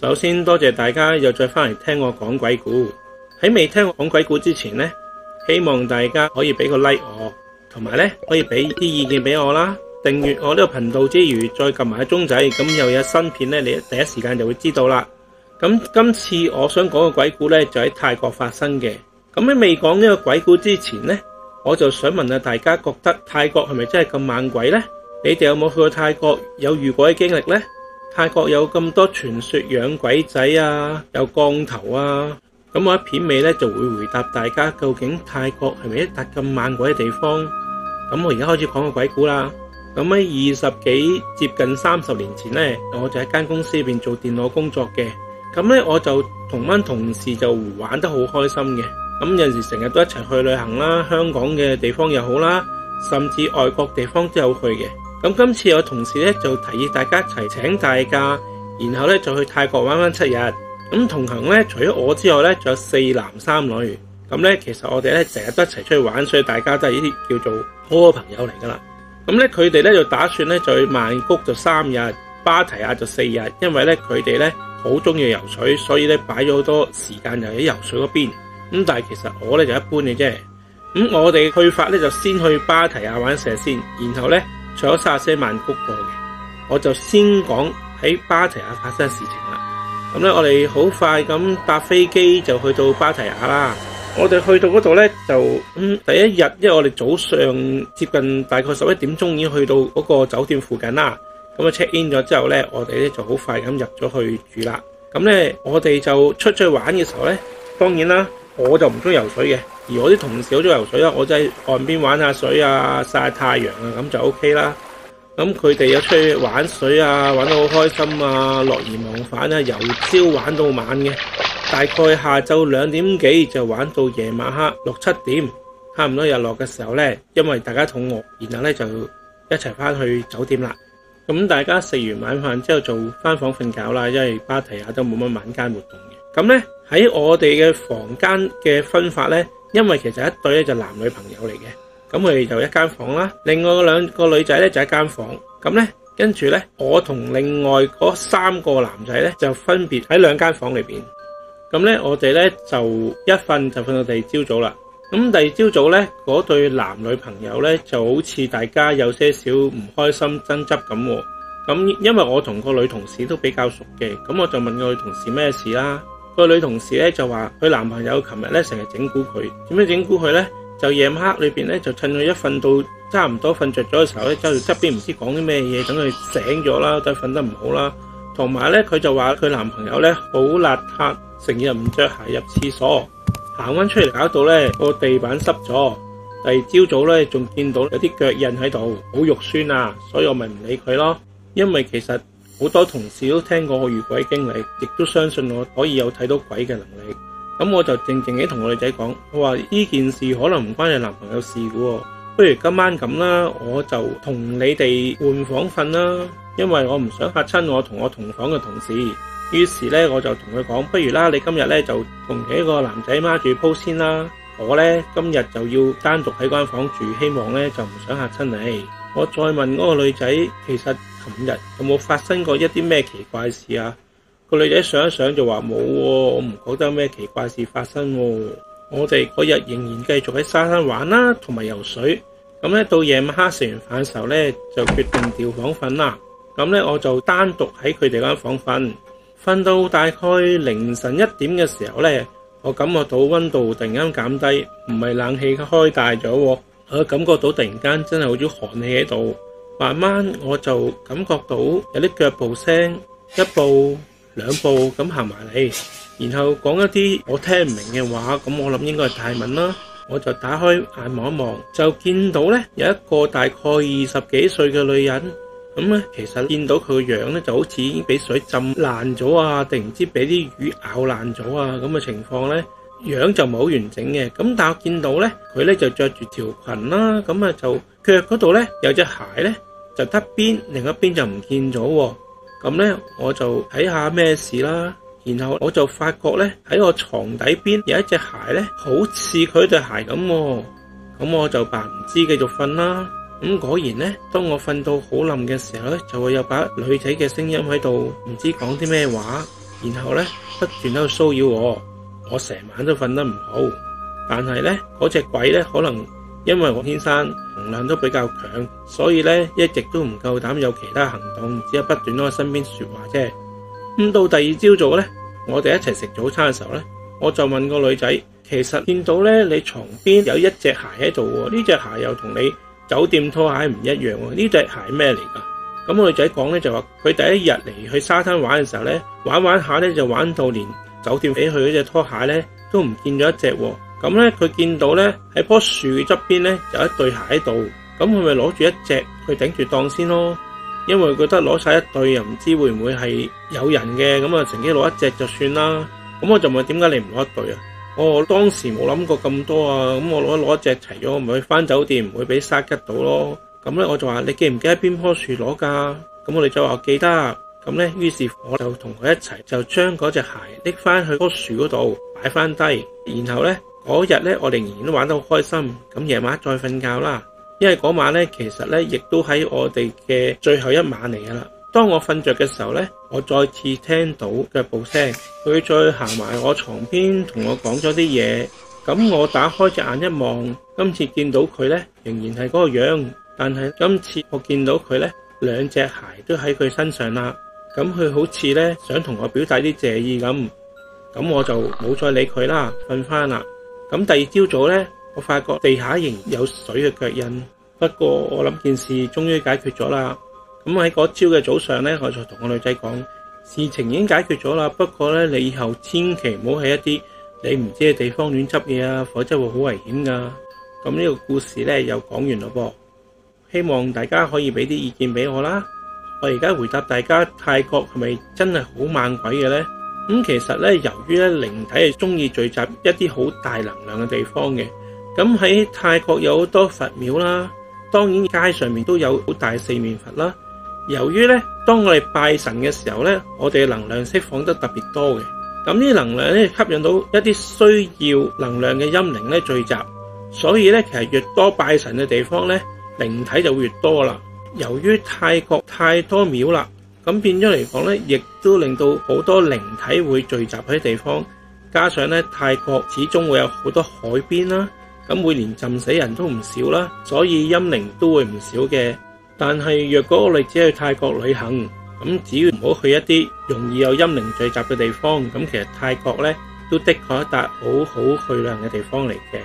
首先多謝大家又再翻嚟聽我講鬼故。喺未聽我講鬼故之前咧，希望大家可以俾個 like 我，同埋咧可以俾啲意見俾我啦。訂閱我呢個頻道之餘，再撳埋個鐘仔，咁又有新片咧，你第一時間就會知道啦。咁今次我想講嘅鬼故咧，就喺泰國發生嘅。咁喺未講呢個鬼故之前咧，我就想問下大家覺得泰國係咪真係咁猛鬼呢？你哋有冇去過泰國有遇過嘅經歷呢？泰國有咁多傳說養鬼仔啊，有降頭啊，咁我喺片尾咧就會回答大家，究竟泰國係咪一笪咁猛鬼嘅地方？咁我而家開始講個鬼故啦。咁喺二十幾接近三十年前呢，我就喺間公司入邊做電腦工作嘅。咁呢，我就同班同事就玩得好開心嘅。咁有陣時成日都一齊去旅行啦，香港嘅地方又好啦，甚至外國地方都有去嘅。咁今次我同事咧就提議大家一齊請大假，然後咧就去泰國玩翻七日。咁同行咧除咗我之外咧，仲有四男三女。咁咧其實我哋咧成日都一齊出去玩，所以大家都係呢啲叫做好好朋友嚟噶啦。咁咧佢哋咧就打算咧就去曼谷就三日，芭堤雅就四日，因為咧佢哋咧好中意游水，所以咧擺咗好多時間又喺游水嗰邊。咁但係其實我咧就一般嘅啫。咁我哋嘅去法咧就先去芭堤雅玩四日先，然後咧。除咗卅四萬谷過嘅，我就先講喺芭堤雅發生嘅事情啦。咁咧，我哋好快咁搭飛機就去到芭堤雅啦。我哋去到嗰度咧，就咁、嗯、第一日，因為我哋早上接近大概十一點鐘已經去到嗰個酒店附近啦。咁啊 check in 咗之後咧，我哋咧就好快咁入咗去住啦。咁咧，我哋就出去玩嘅時候咧，當然啦。我就唔中意游水嘅，而我啲同事好中意游水啦。我就喺岸邊玩下水啊，曬太陽啊，咁就 OK 啦。咁佢哋有出去玩水啊，玩得好開心啊，樂而忘返啊，由朝玩到晚嘅。大概下晝兩點幾就玩到夜晚黑六七點，差唔多日落嘅時候呢，因為大家肚餓，然後呢就一齊翻去酒店啦。咁大家食完晚飯之後就翻房瞓覺啦，因為芭堤雅都冇乜晚間活動嘅。咁呢。喺我哋嘅房間嘅分法呢，因為其實一對咧就是，男女朋友嚟嘅，咁佢就一間房啦。另外個兩個女仔呢就一間房，咁呢，跟住呢，我同另外嗰三個男仔呢就分別喺兩間房裏邊。咁呢，我哋呢就一瞓就瞓到第二朝早啦。咁第二朝早呢，嗰對男女朋友呢就好似大家有些少唔開心爭執咁。咁因為我同個女同事都比較熟嘅，咁我就問個女同事咩事啦。個女同事咧就話佢男朋友琴日咧成日整蠱佢，點樣整蠱佢呢？就夜晚黑裏邊咧就趁佢一瞓到差唔多瞓着咗嘅時候咧，就側邊唔知講啲咩嘢，等佢醒咗啦，都係瞓得唔好啦。同埋咧佢就話佢男朋友咧好邋遢，成日唔着鞋入廁所，行翻出嚟搞到咧個地板濕咗。第二朝早咧仲見到有啲腳印喺度，好肉酸啊！所以我咪唔理佢咯，因為其實。好多同事都聽過我遇鬼經歷，亦都相信我可以有睇到鬼嘅能力。咁、嗯、我就靜靜嘅同個女仔講：我話呢件事可能唔關你男朋友嘅事嘅喎。不如今晚咁啦，我就同你哋換房瞓啦，因為我唔想嚇親我同我同房嘅同事。於是呢，我就同佢講：不如啦，你今日呢就同幾個男仔孖住鋪先啦，我呢，今日就要單獨喺間房間住，希望呢就唔想嚇親你。我再問嗰個女仔，其實。五日有冇發生過一啲咩奇怪事啊？個女仔想一想就話冇、啊，我唔覺得有咩奇怪事發生、啊。我哋嗰日仍然繼續喺沙灘玩啦、啊，同埋游水。咁、嗯、咧到夜晚黑食完飯嘅時候咧，就決定調房瞓啦。咁、嗯、咧我就單獨喺佢哋間房瞓，瞓到大概凌晨一點嘅時候咧，我感覺到温度突然間減低，唔係冷氣開大咗，我感覺到突然間真係好似寒氣喺度。慢慢我就感覺到有啲腳步聲，一步兩步咁行埋嚟，然後講一啲我聽唔明嘅話，咁我諗應該係泰文啦。我就打開眼望一望，就見到呢有一個大概二十幾歲嘅女人。咁呢其實見到佢個樣呢就好似已經俾水浸爛咗啊，定唔知俾啲魚咬爛咗啊咁嘅情況呢，樣就唔係好完整嘅。咁但係我見到呢佢呢就著住條裙啦，咁啊就腳嗰度呢有隻鞋呢，就得邊，另一邊就唔見咗喎。咁呢，我就睇下咩事啦。然後我就發覺呢，喺我床底邊有一隻鞋呢，好似佢對鞋咁喎。咁、嗯、我就扮唔知，繼續瞓啦。咁、嗯、果然呢，當我瞓到好冧嘅時候呢，就會有把女仔嘅聲音喺度，唔知講啲咩話。然後呢，不斷喺度騷擾我，我成晚都瞓得唔好。但係呢，嗰隻鬼呢，可能。因為我天生能量都比較強，所以咧一直都唔夠膽有其他行動，只係不斷喺身邊說話啫。咁、嗯、到第二朝早咧，我哋一齊食早餐嘅時候咧，我就問個女仔：其實見到咧你床邊有一隻鞋喺度喎，呢隻鞋又同你酒店拖鞋唔一樣喎，呢隻鞋咩嚟噶？咁個女仔講咧就話：佢第一日嚟去沙灘玩嘅時候咧，玩玩下咧就玩到連酒店俾佢嗰隻拖鞋咧都唔見咗一隻喎。咁咧，佢見到咧喺樖樹側邊咧有一對鞋喺度，咁佢咪攞住一隻佢頂住檔先咯，因為覺得攞晒一對又唔知會唔會係有人嘅，咁啊趁機攞一隻就算啦。咁我就問點解你唔攞一對啊？我、哦、當時冇諗過咁多啊，咁我攞攞一,一隻齊咗，唔係去翻酒店唔會俾沙吉到咯。咁咧我就話你記唔記得邊棵樹攞㗎？咁我哋就話記得。咁咧，於是我就同佢一齊就將嗰隻鞋拎翻去棵樹嗰度擺翻低，然後咧。嗰日咧，我哋仍然都玩得好開心。咁夜晚再瞓覺啦，因為嗰晚咧其實咧亦都喺我哋嘅最後一晚嚟噶啦。當我瞓着嘅時候咧，我再次聽到腳步聲，佢再行埋我床邊，同我講咗啲嘢。咁我打開隻眼一望，今次見到佢咧仍然係嗰個樣，但係今次我見到佢咧兩隻鞋都喺佢身上啦。咁佢好似咧想同我表達啲謝意咁，咁我就冇再理佢啦，瞓翻啦。咁第二朝早呢，我發覺地下仍有水嘅腳印，不過我諗件事終於解決咗啦。咁喺嗰朝嘅早上呢，我就同個女仔講，事情已經解決咗啦，不過呢，你以後千祈唔好喺一啲你唔知嘅地方亂執嘢啊，否則會好危險噶。咁呢個故事呢，又講完咯噃，希望大家可以俾啲意見俾我啦。我而家回答大家，泰國係咪真係好猛鬼嘅呢？咁其實咧，由於咧靈體係中意聚集一啲好大能量嘅地方嘅，咁喺泰國有好多佛廟啦，當然街上面都有好大四面佛啦。由於咧，當我哋拜神嘅時候咧，我哋嘅能量釋放得特別多嘅，咁呢啲能量咧，吸引到一啲需要能量嘅陰靈咧聚集，所以咧其實越多拜神嘅地方咧，靈體就會越多啦。由於泰國太多廟啦。咁變咗嚟講呢，亦都令到好多靈體會聚集喺啲地方，加上呢，泰國始終會有好多海邊啦，咁每年浸死人都唔少啦，所以陰靈都會唔少嘅。但係若果我哋只係去泰國旅行，咁只要唔好去一啲容易有陰靈聚集嘅地方，咁其實泰國呢都的確一笪好好去旅行嘅地方嚟嘅。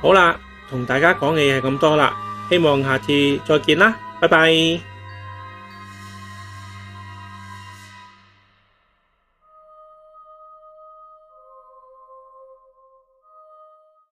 好啦，同大家講嘅嘢咁多啦，希望下次再見啦，拜拜。